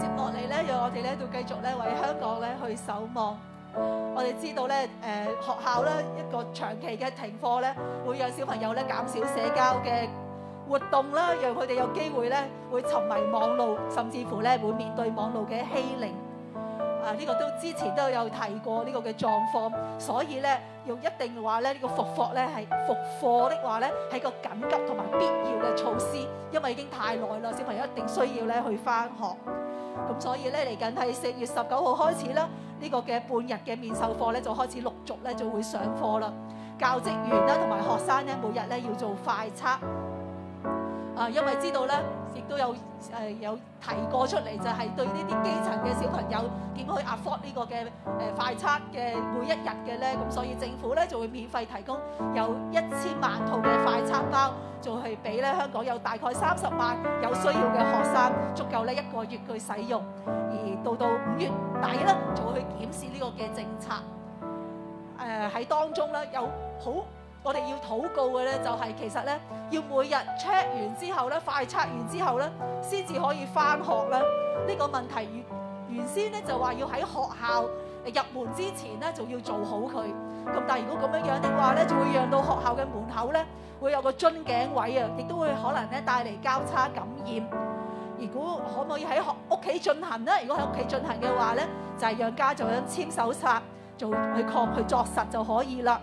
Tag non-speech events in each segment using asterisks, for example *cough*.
接落嚟咧，讓我哋咧，就繼續咧，為香港咧去守望。我哋知道咧，誒學校咧一個長期嘅停課咧，會讓小朋友咧減少社交嘅活動啦，讓佢哋有機會咧會沉迷網路，甚至乎咧會面對網路嘅欺凌。啊，呢個都之前都有提過呢個嘅狀況，所以咧用一定話咧呢個復課咧係復課的話咧係個緊急同埋必要嘅措施，因為已經太耐啦，小朋友一定需要咧去翻學。咁所以咧，嚟緊係四月十九號開始啦，呢個嘅半日嘅面授課咧，就開始陸續咧就會上課啦。教職員啦同埋學生咧，每日咧要做快測。啊，因為知道咧，亦都有誒有提過出嚟，就係對呢啲基層嘅小朋友點去 afford 呢個嘅誒快餐嘅每一日嘅咧，咁所以政府咧就會免費提供有一千萬套嘅快餐包，就係俾咧香港有大概三十萬有需要嘅學生，足夠咧一個月去使用，而到到五月底咧，就會去檢視呢個嘅政策。誒喺當中咧有好。我哋要禱告嘅咧，就係其實咧，要每日 check 完之後咧，快測完之後咧，先至可以返學咧。呢、呢個問題原原先咧就話要喺學校入門之前咧，就要做好佢。咁但係如果咁樣樣嘅話咧，就會讓到學校嘅門口咧，會有個樽頸位啊，亦都會可能咧帶嚟交叉感染。如果可唔可以喺屋企進行咧？如果喺屋企進行嘅話咧，就係、係、讓家長簽手冊，做去確去作實就可以啦。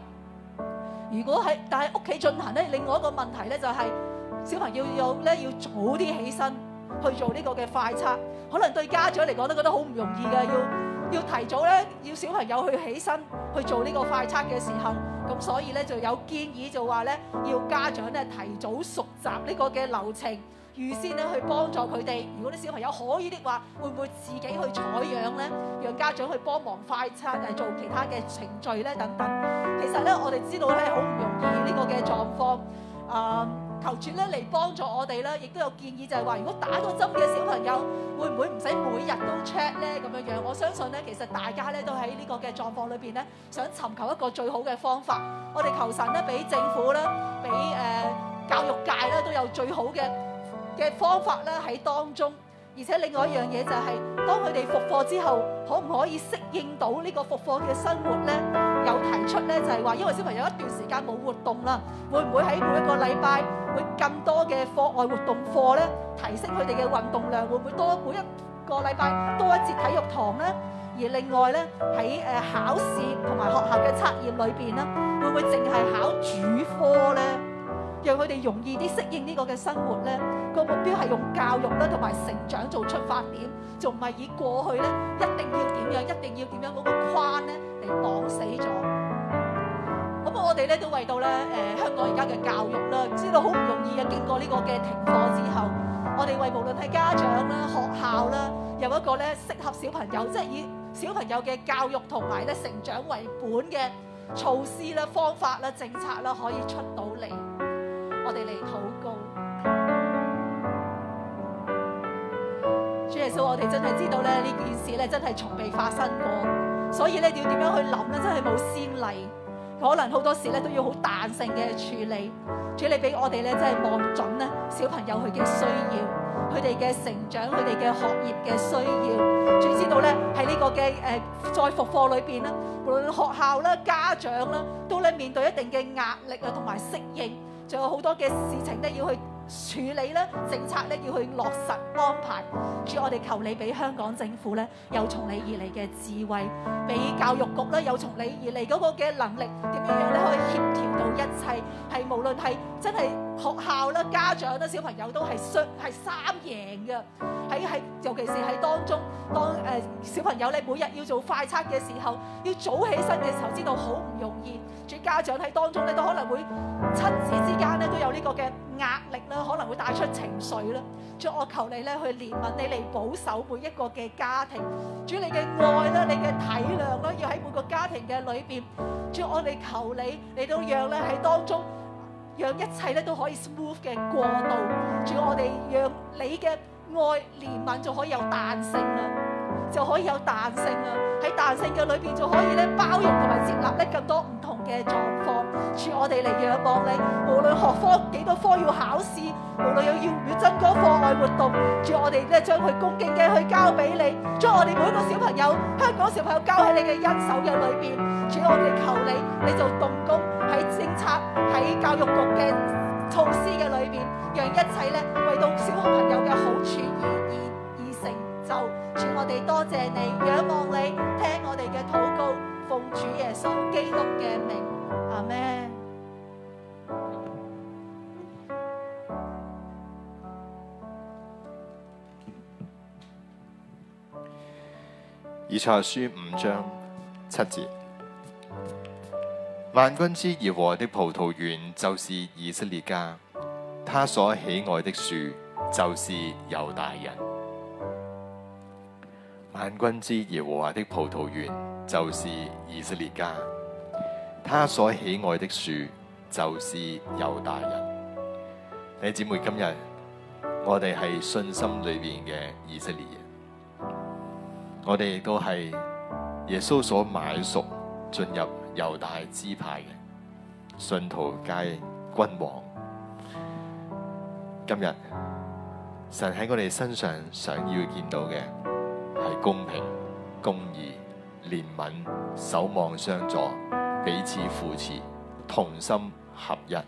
如果喺但係屋企進行咧，另外一個問題咧就係、是、小朋友有咧要早啲起身去做呢個嘅快測，可能對家長嚟講都覺得好唔容易嘅，要要提早咧要小朋友去起身去做呢個快測嘅時候，咁所以咧就有建議就話咧要家長咧提早熟習呢個嘅流程。預先咧去幫助佢哋。如果啲小朋友可以的話，會唔會自己去採樣呢？讓家長去幫忙快測，誒，做其他嘅程序呢？等等。其實呢，我哋知道咧好唔容易呢個嘅狀況。啊，求主咧嚟幫助我哋啦！亦都有建議就係話，如果打咗針嘅小朋友，會唔會唔使每日都 check 呢？咁樣樣？我相信呢，其實大家咧都喺呢個嘅狀況裏邊呢，想尋求一個最好嘅方法。我哋求神呢，俾政府啦，俾誒、呃、教育界啦，都有最好嘅嘅方法呢喺當中，而且另外一樣嘢就係，當佢哋復課之後，可唔可以適應到呢個復課嘅生活呢？有提出呢，就係話，因為小朋友一段時間冇活動啦，會唔會喺每一個禮拜會更多嘅課外活動課呢？提升佢哋嘅運動量，會唔會多每一個禮拜多一節體育堂呢？而另外呢喺誒考試同埋學校嘅測驗裏邊呢，會唔會淨係考主科呢？讓佢哋容易啲適應呢個嘅生活咧，個目標係用教育啦，同埋成長做出發點，仲唔係以過去咧一定要點樣，一定要點樣嗰個框咧嚟擋死咗。咁我哋咧都為到咧誒、呃，香港而家嘅教育啦。知道好唔容易啊。經過呢個嘅停課之後，我哋為無論係家長啦、學校啦，有一個咧適合小朋友，即係以小朋友嘅教育同埋咧成長為本嘅措施啦、方法啦、政策啦，可以出到嚟。我哋嚟禱告，主耶穌，我哋真係知道咧呢件事咧真係從未發生過，所以咧要點樣去諗咧真係冇先例，可能好多時咧都要好彈性嘅處理。主，你俾我哋咧真係望準咧小朋友佢嘅需要，佢哋嘅成長，佢哋嘅學業嘅需要。最知道咧喺呢個嘅誒，在復課裏邊咧，無論學校啦、家長啦，都咧面對一定嘅壓力啊，同埋適應。仲有好多嘅事情呢，要去處理咧，政策咧，要去落實安排。主要我哋求你俾香港政府咧，有從你而嚟嘅智慧，俾教育局咧有從你而嚟嗰個嘅能力，點樣樣咧可以協調到一切，係無論係真係學校啦、家長啦、小朋友都係三係三贏嘅。喺喺尤其是喺當中，當誒、呃、小朋友咧每日要做快測嘅時候，要早起身嘅時候，知道好唔容易，主家長喺當中咧都可能會親子之間咧都有呢個嘅。壓力咧可能會帶出情緒啦，主我求你咧去憐憫你嚟保守每一個嘅家庭，主你嘅愛啦，你嘅體諒咧，要喺每個家庭嘅裏邊，主我哋求你，你都讓咧喺當中，讓一切咧都可以 smooth 嘅過渡，主我哋讓你嘅愛憐憫就可以有彈性啦，就可以有彈性啦，喺彈性嘅裏邊就可以咧包容同埋接納咧更多唔同嘅狀況。主我哋嚟仰望你，無論學科幾多科要考試，無論有要唔要增加課外活動，主我哋咧將佢恭敬嘅去交俾你，將我哋每一個小朋友、香港小朋友交喺你嘅恩手嘅裏邊，主我哋求你，你就動工喺政策、喺教育局嘅措施嘅裏邊，讓一切咧為到小朋友嘅好處而而而成就，主我哋多謝你仰望你。以賽亞書五章七節，萬軍之耶和華的葡萄園就是以色列家，他所喜愛的樹就是猶大人。萬軍之耶和華的葡萄園就是以色列家，他所喜愛的樹就是猶大人。 *music* 弟兄姊妹，今日我哋係信心裏面嘅以色列人。我哋亦都係耶穌所買贖進入猶大支派嘅信徒皆君王。今日神喺我哋身上想要見到嘅係公平、公義、憐憫、守望相助、彼此扶持、同心合一。呢、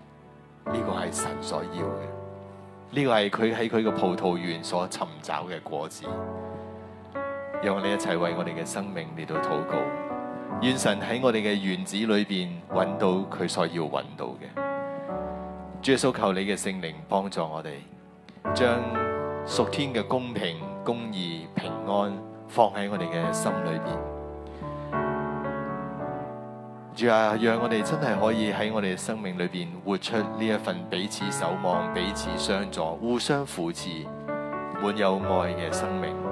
這個係神所要嘅，呢、這個係佢喺佢個葡萄園所尋找嘅果子。讓我哋一齊為我哋嘅生命嚟到禱告，願神喺我哋嘅園子裏邊揾到佢所要揾到嘅。主耶穌求你嘅聖靈幫助我哋，將屬天嘅公平、公義、平安放喺我哋嘅心裏面。主啊，讓我哋真係可以喺我哋嘅生命裏面活出呢一份彼此守望、彼此相助、互相扶持、滿有愛嘅生命。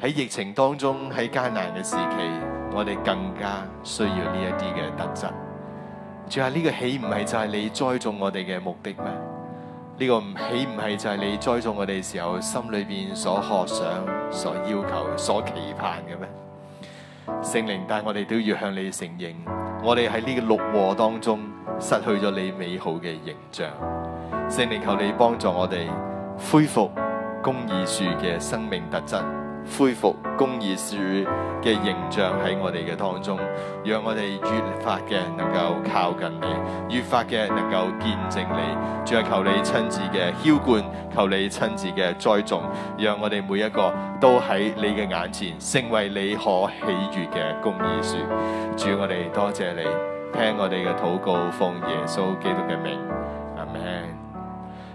喺疫情當中，喺艱難嘅時期，我哋更加需要呢一啲嘅特質。仲係，呢個豈唔係就係你栽種我哋嘅目的咩？呢、這個豈唔係就係你栽種我哋時候心裏邊所渴想、所要求、所期盼嘅咩？聖靈，但我哋都要向你承認，我哋喺呢個六禍當中失去咗你美好嘅形象。聖靈，求你幫助我哋恢復公義樹嘅生命特質。恢復公義樹嘅形象喺我哋嘅當中，讓我哋越發嘅能夠靠近你，越發嘅能夠見證你。主係求你親自嘅澆灌，求你親自嘅栽種，讓我哋每一個都喺你嘅眼前成為你可喜悅嘅公義樹。主，我哋多謝你，聽我哋嘅禱告，奉耶穌基督嘅名，阿門。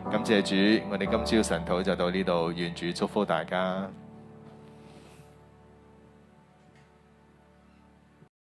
感謝主，我哋今朝晨禱就到呢度，願主祝福大家。